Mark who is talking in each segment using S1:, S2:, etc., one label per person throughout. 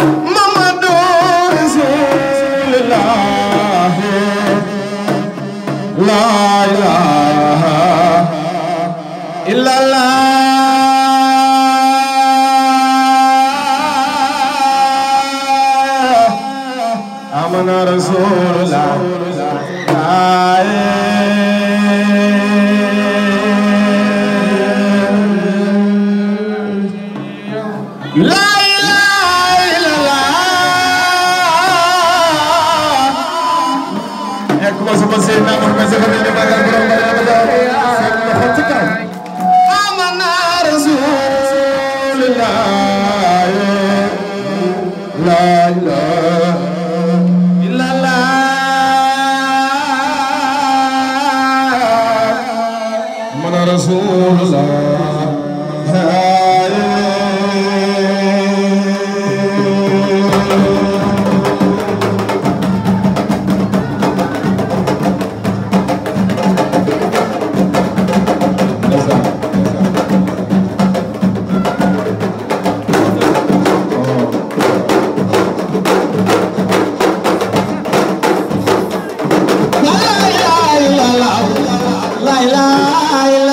S1: More. رسول الله Lại.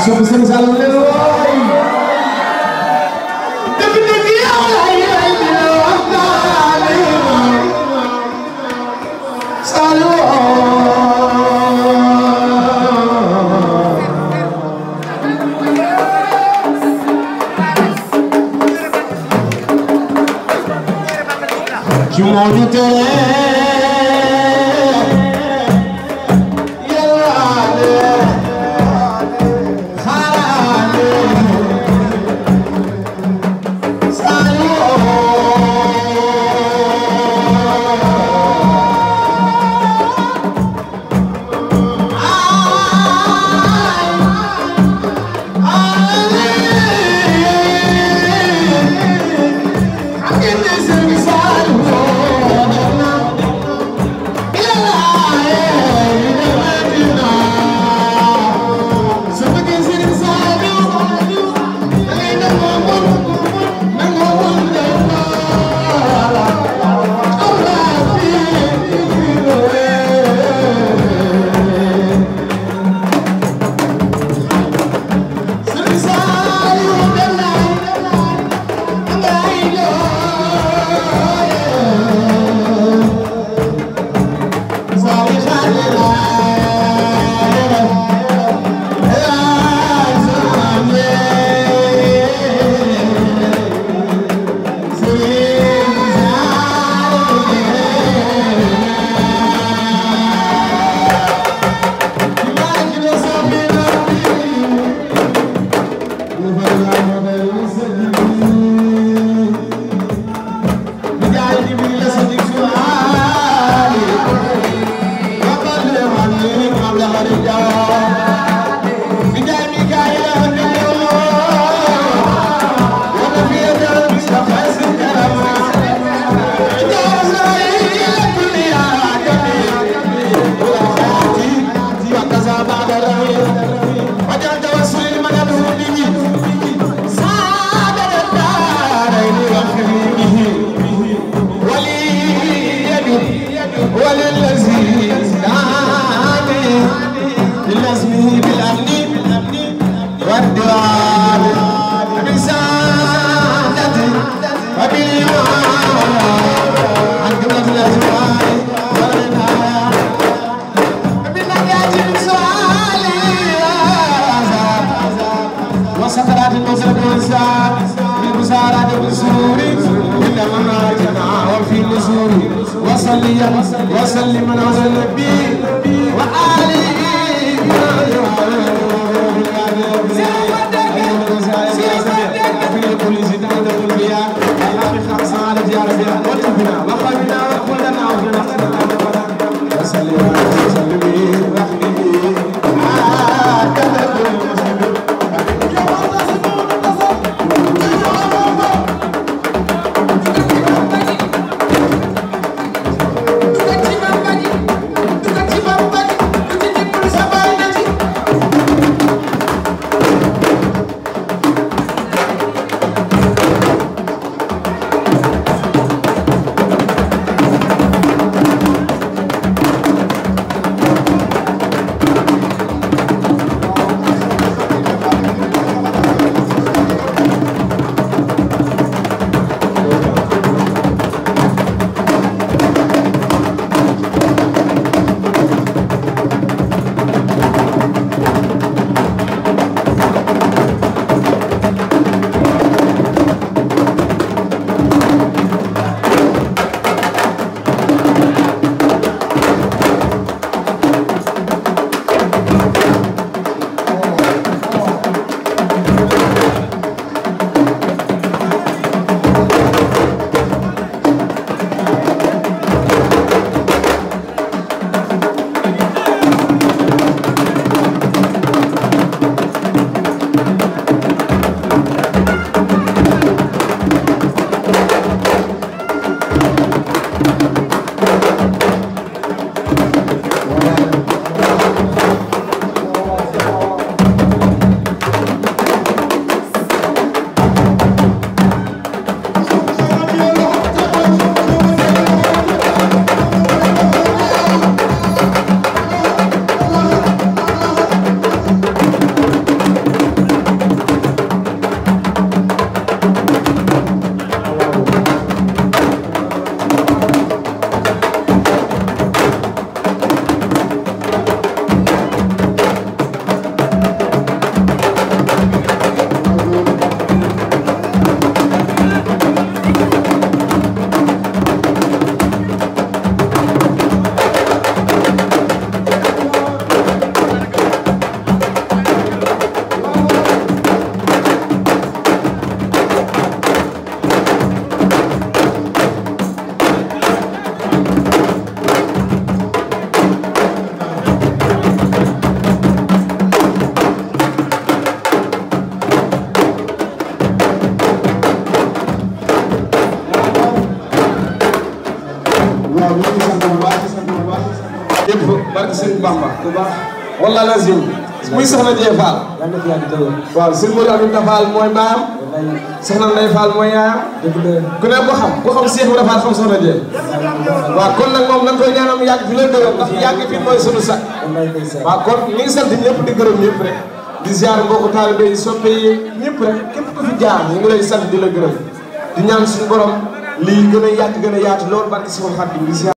S1: عشان بصير على الواي You want to dance? Hare Rama وصلي وسلم على النبي وآله wala lazim muy soxna Dieng Fall. yàlla na fi yàgg tëjee. waaw sëñ Modou soxna Ndeye Fall mooy yaayam. ku ne ko xam ku xam Cheikh Ibrahima Fall xam soxna Dieng. waaw kon nag moom nan koy ñaanal mu la ndax fi sunu kon di gërëm ñëpp rek. di ziar mbokk taalibe yi soppe yi ñëpp rek képp fi jaar ñu lay sant di la gërëm. di ñaan suñu borom lii gën a yaatu gën a yaatu loolu barke di ziar